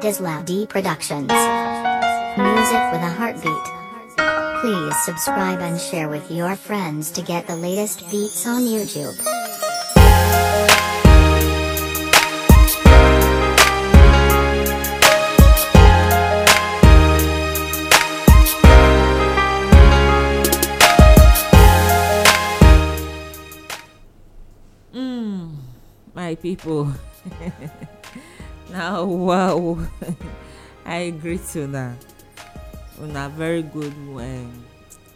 D Productions. Music with a heartbeat. Please subscribe and share with your friends to get the latest beats on YouTube. Mmm, my people. na wow i greet una una very good um,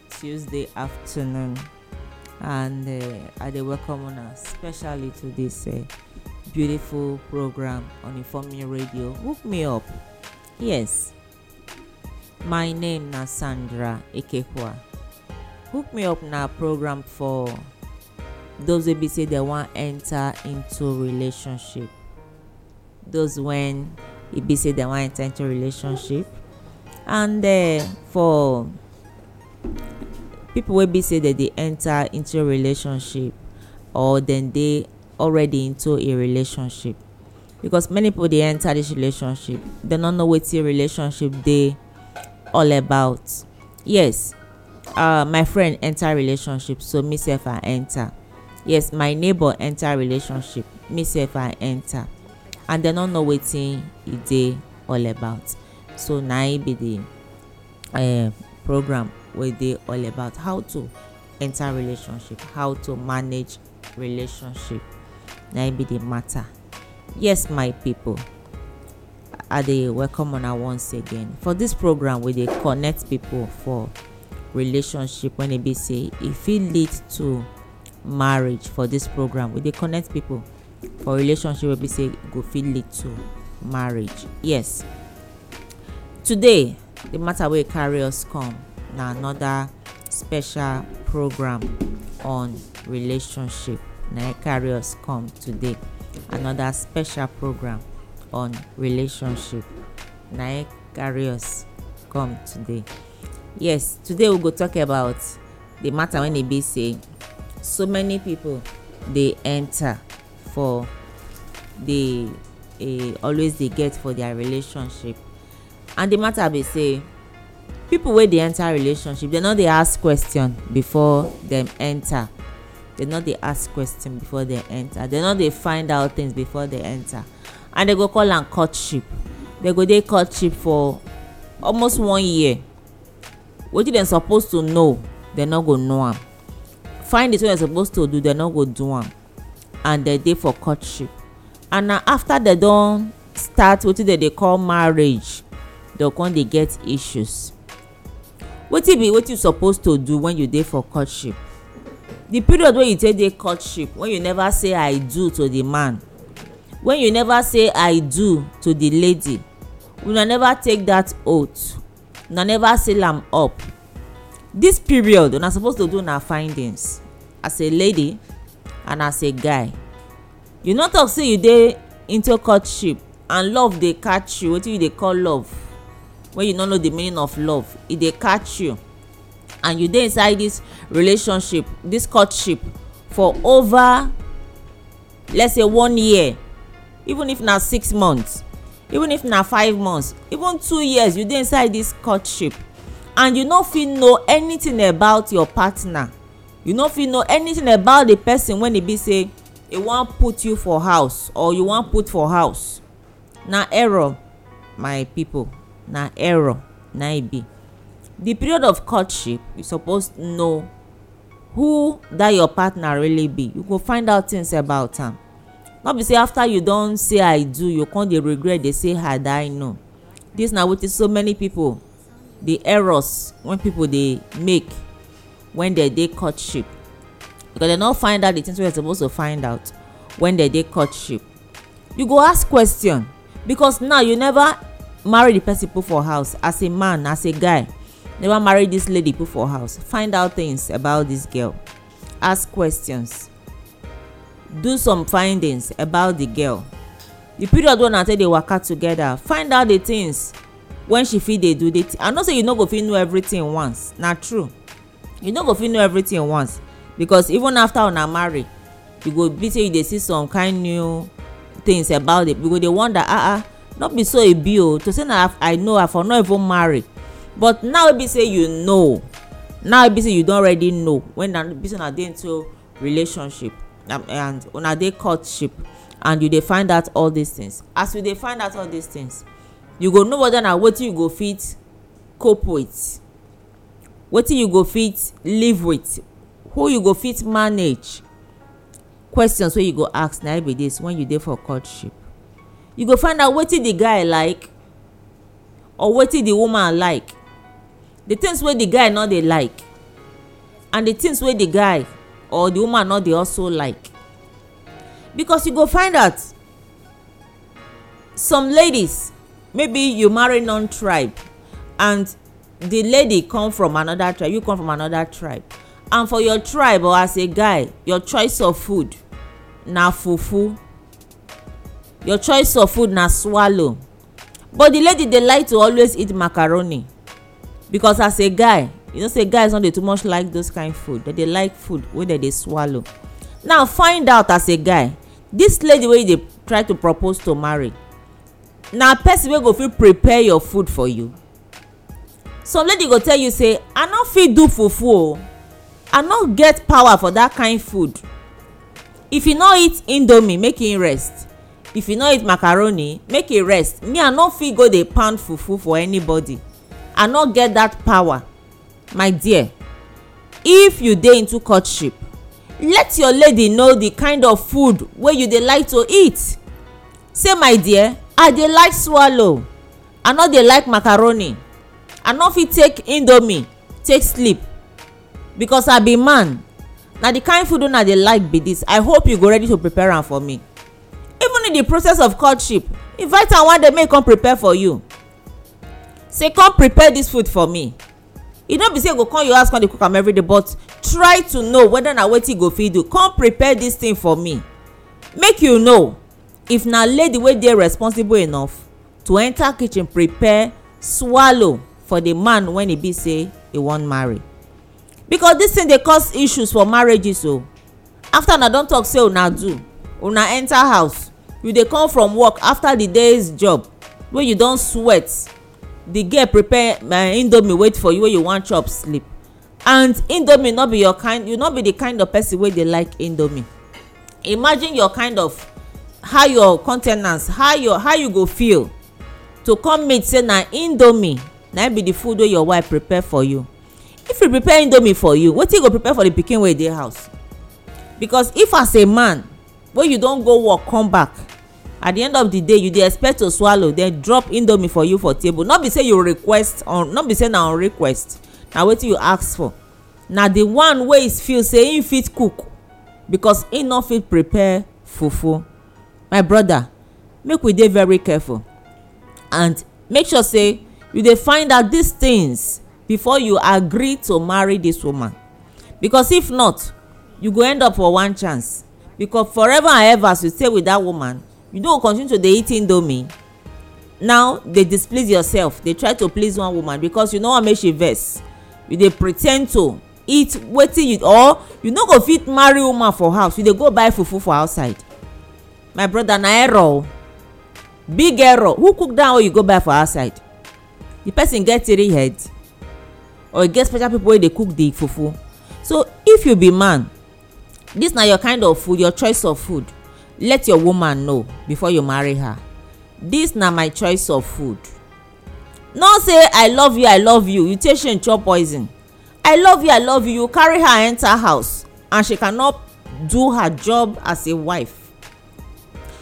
tuesday afternoon and uh, i dey welcome una especially to this uh, beautiful program on informing radio hook me up yes my name na sandra ekekwa hook me up na program for those wey be say dem wan enter into relationship those when e be say dem wan enter into relationship and uh, for people wey be say dem dey enter into relationship or dem dey already into a relationship because many people dey enter this relationship dem no know wetin relationship dey all about yes uh, my friend enter relationship so me sef i enter yes my neighbor enter relationship me sef i enter and they don't know wetin e dey all about so na im be the uh, program wey dey all about how to enter relationship how to manage relationship na im be the matter yes my people i dey welcome una once again for this program we dey connect people for relationship when e be say e fit lead to marriage for this program we dey connect people for relationship wey be say go fit lead to marriage yes today the matter wey carry us come na another special program on relationship na e carry us come today another special program on relationship na e carry us come today yes today we go talk about the matter wey e be say so many people dey enter for they eh, always dey get for their relationship and the matter be say people wey dey enter relationship dem no dey ask question before dem enter dem no dey ask question before dem enter dem no dey find out things before dem enter and dem go call am courtship dem go dey courtship for almost one year wetin dem suppose to know dem no go know am find the thing dem suppose to do dem no go do am and dem dey for courtship and na after dem don start wetin dem dey call marriage dem come dey get issues wetin be wetin you suppose to do when you dey for courtship the period wey you take dey courtship when you never say i do to the man when you never say i do to the lady una never take that oath una never seal am up this period una suppose to do una findings as a lady and as a guy you no talk say you dey into courtship and love dey catch you wetin you dey call love when you no know the meaning of love e dey catch you and you dey inside this relationship this courtship for over let's say one year even if na six months even if na five months even two years you dey inside this courtship and you no fit know anything about your partner you no fit know anything about the person when e be say e wan put you for house or you wan put for house na error my people na error na e be the period of courtship you suppose know who that your partner really be you go find out things about am no be say after you don say i do you come dey regret dey say had i know this na wetin so many people the errors wey people dey make when they dey courtship because they no find out the things wey dem suppose to find out when they dey courtship you go ask question because now you never marry the person put for house as a man as a guy never marry this lady put for house find out things about this girl ask questions do some findings about the girl the period wey una take dey waka together find out the things when she fit dey do the thing i know say you no go fit know everything once na true you no go fit know everything once because even after una marry you go be say you dey see some kind new things about it you go dey wonder ah ah no be so e be o to say na i know i for no even marry but now e be say you know now e be say you don already know when na be say una dey into relationship and, um, and una dey courtship and you dey find out all these things as you dey find out all these things you go know whether na wetin you go fit cope with wetin you go fit live with who you go fit manage questions wey you go ask na be this when you dey for courtship you go find out wetin the guy like or wetin the woman like the things wey the guy no dey like and the things wey the guy or the woman no dey also like because you go find out some ladies maybe you marry non-tribe and the lady come from another tribe you come from another tribe and for your tribe or as a guy your choice of food na fufu your choice of food na swallow but the lady dey like to always eat macaroni because as a guy you know say guys no dey too much like those kind food dem dey like food wey dem dey swallow now find out as a guy this lady wey you dey try to propose to marry na person wey go fit prepare your food for you some lady go tell you say i no fit do fufu o i no get power for dat kind food if you no eat indomie make you e rest if you no eat macaroni make you e rest me i no fit go dey pound fufu for anybody i no get dat power my dear if you dey into courtship let your lady know the kind of food wey you dey like to eat say my dear i dey like swallow i no dey like macaroni i no fit take indomie take sleep because i be man na the kind food una dey like be this i hope you go ready to prepare am for me even in the process of courtship invite am one day make e come prepare for you say come prepare this food for me e no be say you e go come your house come dey cook am day, but try to know whether na wetin you e go fit do come prepare this thing for me make you know if na lady wey dey responsible enough to enter kitchen prepare swallow for the man when e be say e wan marry because this thing dey cause issues for marriages o oh. after una don talk say una do una enter house you dey come from work after the days job wey you don sweat the girl prepare my uh, indomie wait for you wey you wan chop sleep and indomie no be your kind you no be the kind of person wey dey like indomie imagine your kind of how your con ten ance how your how you go feel to come meet say na indomie na e be the food wey your wife prepare for you if you prepare indomie for you wetin you go prepare for the pikin wey dey house because if as a man wey you don go work come back at the end of the day you dey expect to swallow then drop indomie for you for table no be say you request on no be say na on request na wetin you ask for na the one wey feel say im fit cook because im no fit prepare fufu my brother make we dey very careful and make sure say you dey find out these things before you agree to marry this woman because if not you go end up for one chance because forever and ever as you stay with that woman you no go continue to dey eat indomie now dey displease yourself dey try to please one woman because you no wan make she vex you dey pre ten d to eat wetin you or you no go fit marry woman for house you dey go buy fufu for outside my brother na error o big error who cook that one you go buy for outside the person get three head or get special people wey dey cook the fufu so if you be man this na your kind of food your choice of food let your woman know before you marry her this na my choice of food no say i love you i love you you take shame chop poison i love you i love you you carry her enter house and she cannot do her job as a wife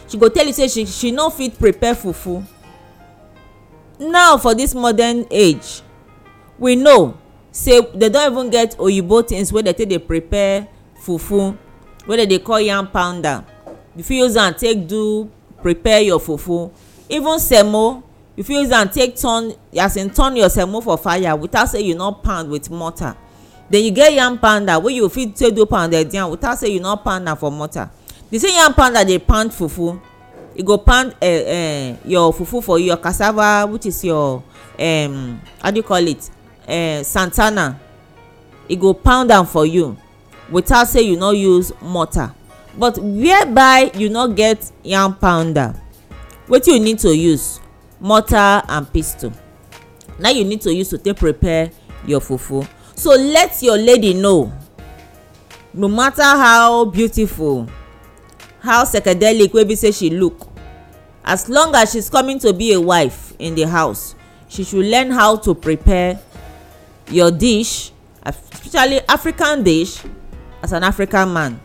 she go tell you say she she no fit prepare fufu now for this modern age we know say they don even get oyibo things wey dey take dey prepare fufu wey dey dey call yam pounder you fit use am take do prepare your fufu even semo you fit use am take turn as in turn your semo for fire without say you no pound with mortar then you get yam pounder wey you fit take do pounded yam without say you no pound am for mortar the same yam pounder dey pound fufu you go pound uh, uh, your fufu for you your cassava which is your um, how do you call it uh, santana e go pound am for you without say you no use mortar but whereby you no get yam pounder wetin you need to use mortar and pestle na you need to use to take prepare your fufu so let your lady know no matter how beautiful how psychedelic wey be say she look as long as she's coming to be a wife in the house she should learn how to prepare your dish especially african dish as an african man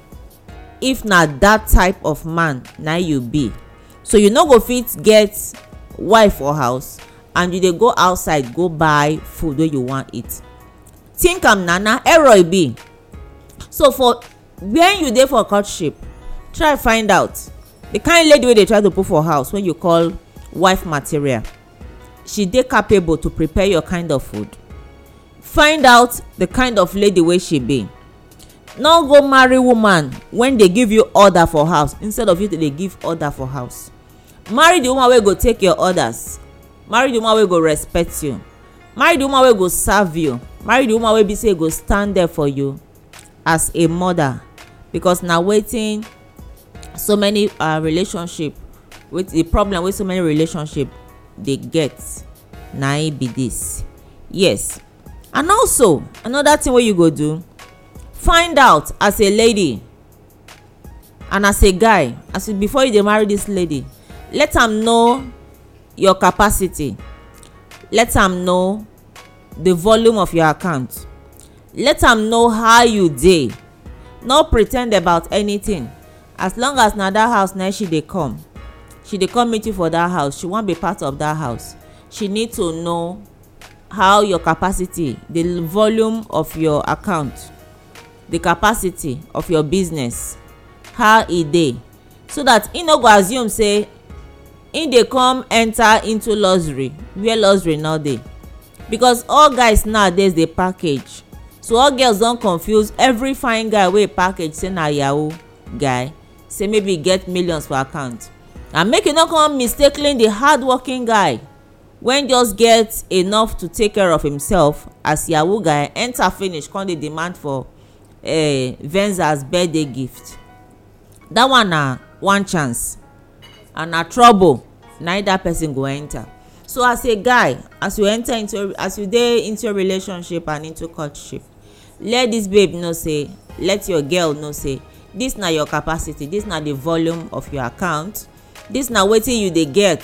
if na that type of man na you be so you no go fit get wife for house and you dey go outside go buy food wey you wan eat think am na na error e be so for when you dey for courtship try find out the kind lady wey dey try to put for house when you call wife material she dey capable to prepare your kind of food find out the kind of lady wey she be no go marry woman wen dey give you order for house instead of you to dey give order for house marry the woman wey go take your orders marry the woman wey go respect you marry the woman wey go serve you marry the woman wey be say go stand there for you as a mother because na wetin so many uh, relationship with the problem wey so many relationship dey get na e be this yes and also another thing wey you go do find out as a lady and as a guy as you before you dey marry this lady let am know your capacity let am know the volume of your account let am know how you dey no pre ten d about anything as long as na that house na she dey come she dey come meet you for that house she wan be part of that house she need to know how your capacity the volume of your account the capacity of your business how e dey so that e no go assume say e dey come enter into luxury where luxury no dey because all guys nowadays dey package so all girls don confuse every fine guy wey package say na yahoo guy say maybe e get millions for account and make e no come mistakenly the hardworking guy wen just get enough to take care of himself as yahoo guy enter finish come dey demand for uh, venza's birthday gift that one na one chance and na trouble na if that person go enter so as a guy as you enter into as you dey into relationship and into courtship let this babe know say let your girl know say this na your capacity this na the volume of your account this na wetin you dey get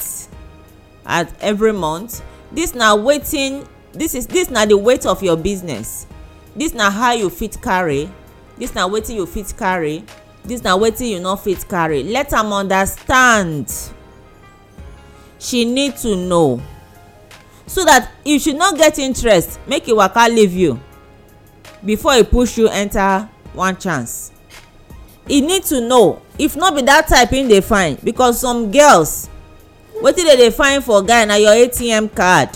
at every month this na wetin this is this na the weight of your business this na how you fit carry this na wetin you fit carry this na wetin you no fit carry let am understand she need to know so that if she no get interest make e waka leave you before e push you enter one chance e need to know if no be that type im dey find because some girls wetin dem dey find for guy na your atm card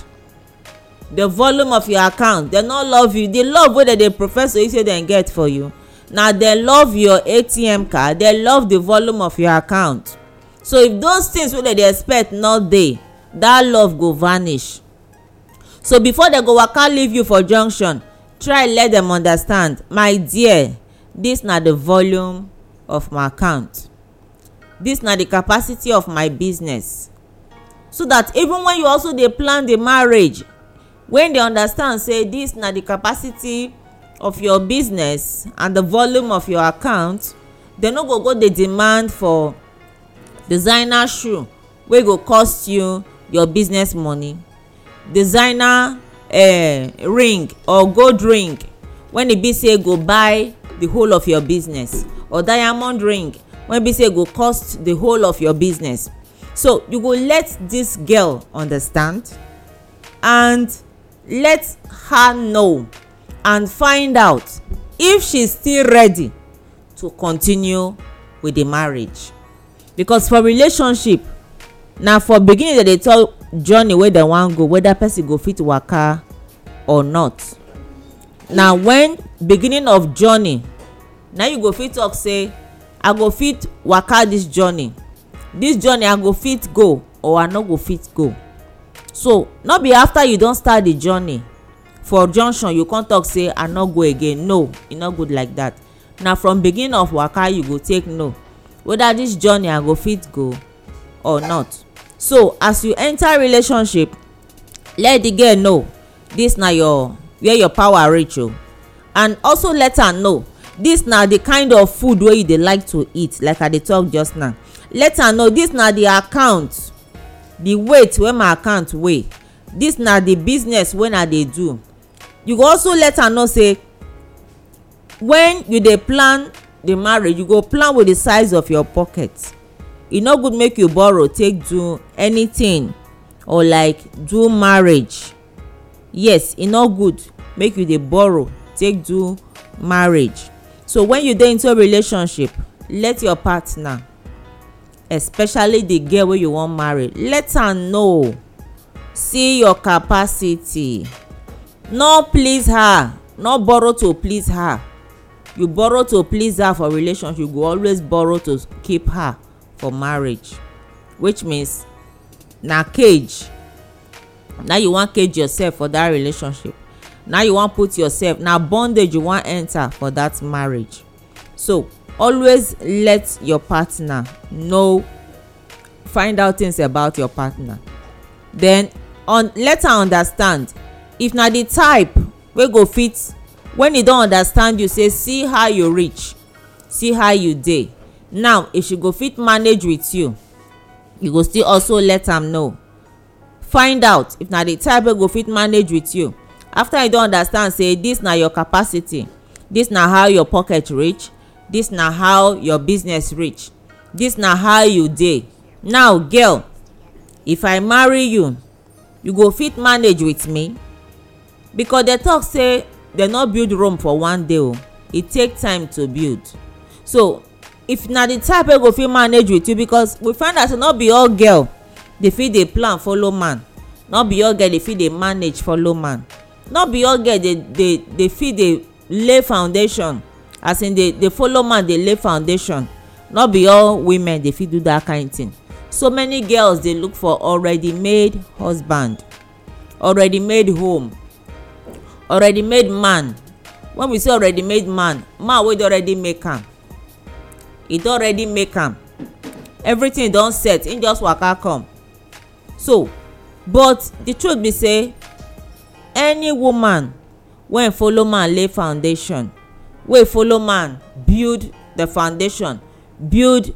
the volume of your account dem no love you the love wey dem dey profess to you say dem get for you na dem love your atm card dem love the volume of your account so if those things wey dem dey expect no dey that love go vanish so before dem go waka leave you for junction try let dem understand my dear this na the volume of my account this na the capacity of my business so that even when you also dey plan the marriage when they understand say this na the capacity of your business and the volume of your account they no go go dey demand for designer shoe wey go cost you your business money designer uh, ring or gold ring when e be say go buy the whole of your business or diamond ring wey be say go cost the whole of your business so you go let this girl understand and let her know and find out if she still ready to continue with the marriage because for relationship na for beginning dem dey tell journey wey dem wan go whether person go fit waka or not na when beginning of journey na you go fit talk say i go fit waka this journey this journey i go fit go or i no go fit go so no be after you don start the journey for junction you come talk say i no go again no e no good like that na from beginning of waka you go take know whether this journey i go fit go or not so as you enter relationship let the girl know this na your where your power reach o oh. and also let her know This na the kind of food wey you dey like to eat like i dey talk just now let am know dis na the account the weight wey my account weigh This na the business wey i dey do you go also let am know say when you dey plan the marriage you go plan with the size of your pocket e no good make you borrow take do anything or like do marriage yes e no good make you dey borrow take do marriage so when you dey into a relationship let your partner especially the girl wey you wan marry let am know see your capacity no please her no borrow to please her you borrow to please her for relationship you go always borrow to keep her for marriage which means na cage na you wan cage yourself for that relationship now you wan put yourself na bondage you wan enter for that marriage so always let your partner know find out things about your partner then on let her understand if na the type wey go fit when e don understand you say see how you reach see how you dey now if she go fit manage with you you go still also let am know find out if na the type wey go fit manage with you after you don understand say this na your capacity this na how your pocket reach this na how your business reach this na how you dey now girl if i marry you you go fit manage with me because dem talk say dem no build rome for one day o oh. e take time to build so if na the type wey go fit manage with you because we find out say no be all girl dey fit dey plan follow man no be all girl dey fit dey manage follow man not be all girl dey dey dey fit dey lay foundation as in dey dey follow man dey lay foundation not be all women dey fit do that kind thing so many girls dey look for already made husband already made home already made man when we say already made man man wey don already make am e don already make am everything don set him just waka come so but the truth be say any woman wey follow man lay foundation wey follow man build the foundation build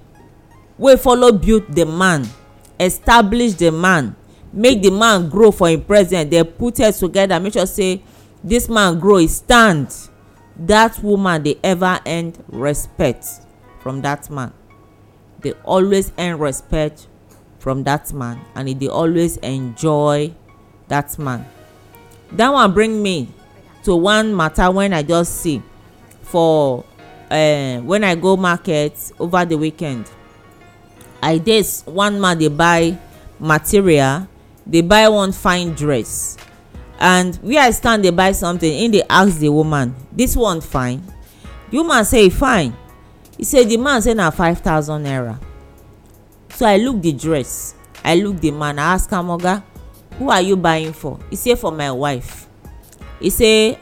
wey follow build the man establish the man make the man grow for him present dey put head together make sure say this man grow he stand that woman dey ever earn respect from that man dey always earn respect from that man and e dey always enjoy that man that one bring me to one matter when i just see for uh, when i go market over the weekend i dey one man dey buy material dey buy one fine dress and where i stand dey buy something him dey ask the woman this one fine the woman say e fine he say the man say na five thousand naira so i look the dress i look the man i ask am oga who are you buying for he say for my wife he say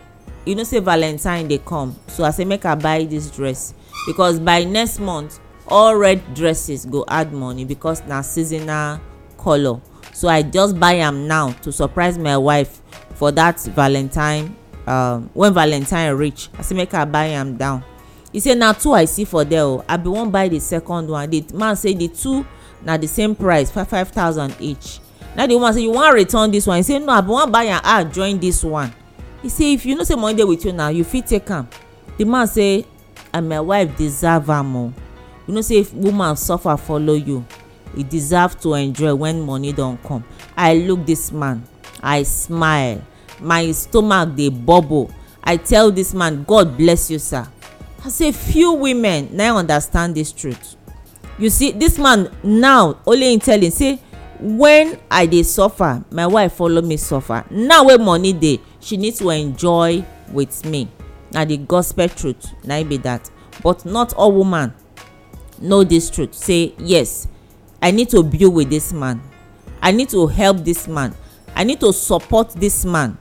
you know say valentine dey come so i say make i buy this dress because by next month all red dresses go add money because na seasonal colour so i just buy am now to surprise my wife for that valentine um, when valentine reach i say make i buy am down he say na two i see for there o oh. i bin wan buy the second one the man say the two na the same price five five thousand each na the woman say you wan return this one he say no i wan buy am ah join this one he say if you know say money dey with you now you fit take am the man say and my wife deserve am o oh. you know say if woman suffer follow you e deserve to enjoy when money don come i look this man i smile my stomach dey bubble i tell this man god bless you sir i say few women na understand this truth you see this man now only him tell him say when i dey suffer my wife follow me suffer now wey money dey she need to enjoy with me na the gospel truth na be that but not all woman know this truth say yes i need to build with this man i need to help this man i need to support this man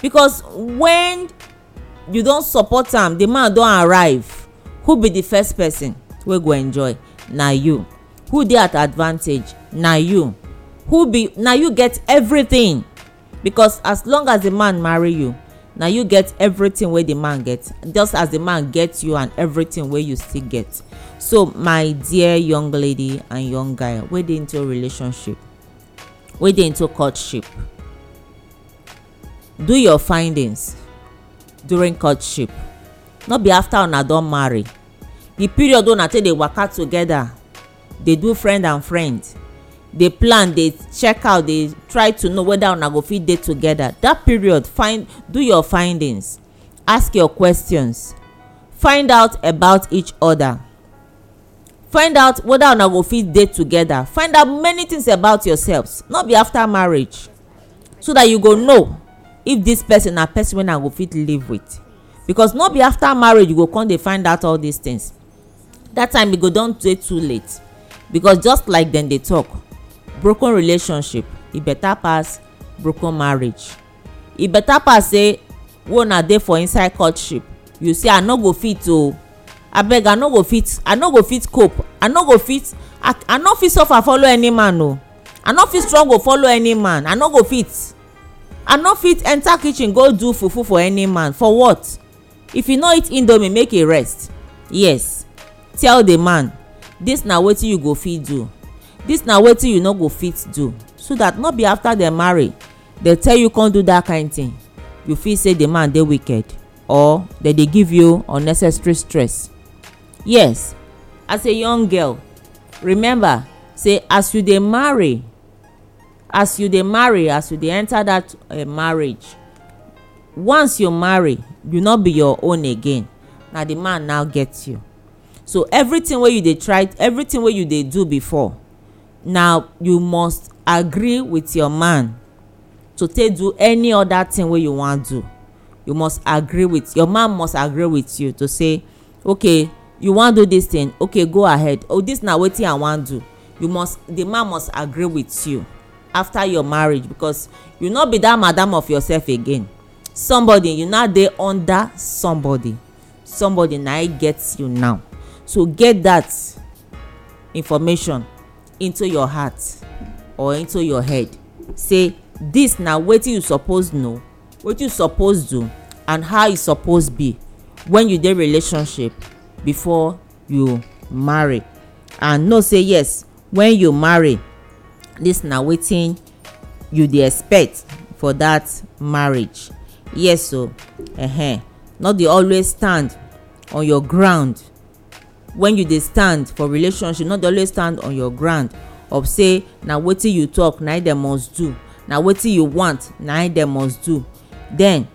because when you don support am the man don arrive who be the first person wey go enjoy na you who dey at advantage na you who be na you get everything because as long as the man marry you na you get everything wey the man get just as the man get you and everything wey you still get so my dear young lady and young guy wey dey into relationship wey dey into courtship do your findings during courtship no be after una don marry the period wey una take dey waka together dey do friend and friend dey plan dey check out dey try to know whether una go fit dey together that period find do your findings ask your questions find out about each other find out whether una go fit dey together find out many things about yourselves no be after marriage so that you go know if this person na person wey una go fit live with because no be after marriage you go come dey find out all these things that time e go don dey too late because just like dem dey talk broken relationship e better pass broken marriage e better pass say wey una dey for inside courtship you say i no go fit o oh, abeg i no go fit i no go fit cope i no go fit i, I no fit suffer follow any man o oh. i no fit struggle follow any man i no go fit i no fit enter kitchen go do fufu for any man for what if you no eat indomie make e rest yes tell the man this na wetin you go fit do This na wetin you no go fit do so that no be after dem marry dem tell you come do that kind thing you feel say the man dey wicked or dem dey give you unnecessary stress yes as a young girl remember say as you dey marry as you dey marry as you dey enter that uh, marriage once you marry you no be your own again na the man now get you so everything wey you dey try everything wey you dey do before na you must agree with your man to take do any other thing wey you wan do you must agree with your man must agree with you to say okay you wan do this thing okay go ahead oh this na wetin i wan do you must the man must agree with you after your marriage because you no be that madam of yourself again somebody you now dey under somebody somebody na e get you now so get that information into your heart or into your head say this na wetin you suppose know wetin you suppose do and how e suppose be when you dey relationship before you marry and know say yes when you marry this na wetin you dey expect for that marriage yes o so, uh -huh. no dey always stand on your ground when you dey stand for relationship no dey always stand on your ground of say na wetin you talk na dem must do na wetin you want na dem must do then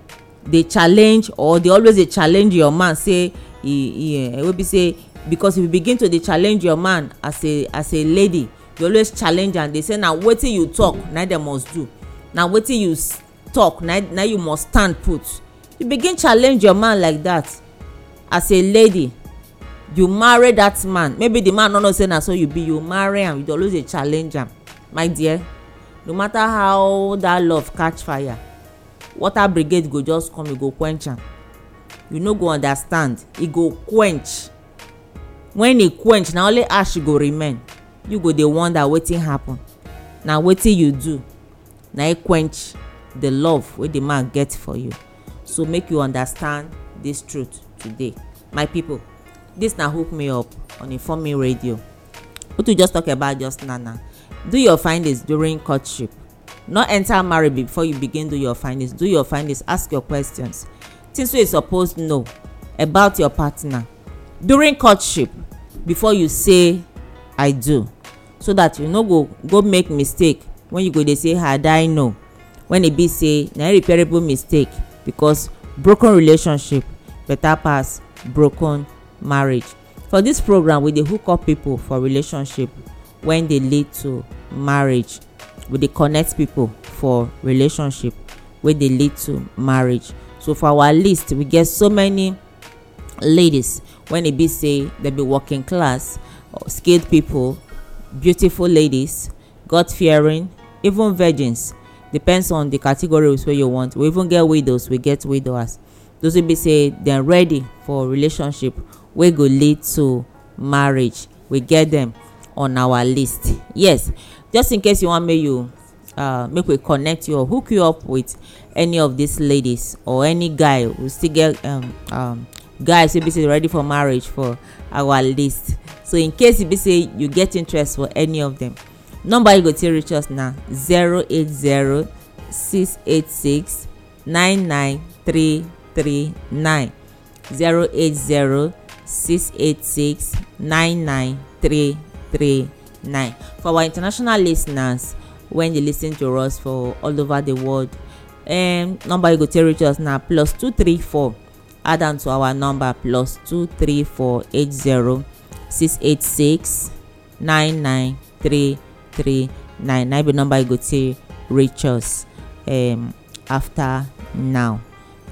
dey challenge or dey always dey challenge your man say e e eh, wey be say because if you begin to dey challenge your man as a as a lady you always challenge am dey say na wetin you talk na dem must do na wetin you talk na na you must stand put you begin challenge your man like that as a lady you marry that man maybe the man no know say na so you be you marry am you dey always dey challenge am my dear no matter how that love catch fire water brigade go just come you e go quench am you no go understand e go quench when e quench na only ash go remain you go dey wonder wetin happen na wetin you do na e quench the love wey the man get for you so make you understand this truth today my people This na hook me up on informe radio what we just talk about just now na do your findings during courtship no enter marriage before you begin do your findings do your findings ask your questions things wey you suppose know about your partner during courtship before you say i do so that you no go go make mistake when you go dey say had i know when e be say na irreparable mistake because broken relationship better pass broken marriage for this program we dey hook up people for relationship when dey lead to marriage we dey connect people for relationship wey dey lead to marriage so for our list we get so many ladies when e be say dem be working class uh, skilled people beautiful ladies god fearing even virgins depends on the categories wey you want we even get widows we get widowers those wey be say dem ready for relationship wey go lead to marriage we get dem on our list yes just in case you wan make you uh, make we connect you or hook you up with any of these ladies or any guy we still get um, um, guys wey be say ready for marriage for our list so in case e be say you get interest for any of them number you go take reach us na zero eight zero six eight six nine nine three three nine zero eight zero six eight six nine nine three three nine for our international listeners, ten when dey lis ten to us for all over the world um, number you go take reach us na plus two three four add am to our number plus two three four eight zero six eight six nine nine three three nine na be number you go take reach us um, after now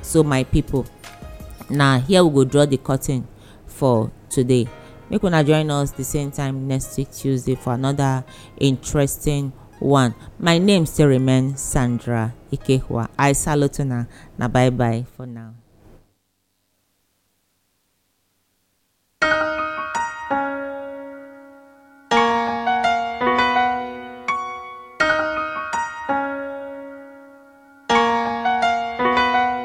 so my people na here we go draw the curtain for today make una join us the same time next week tuesday for another interesting one my name still remains sandra ikehua i salute now. na bye bye for now.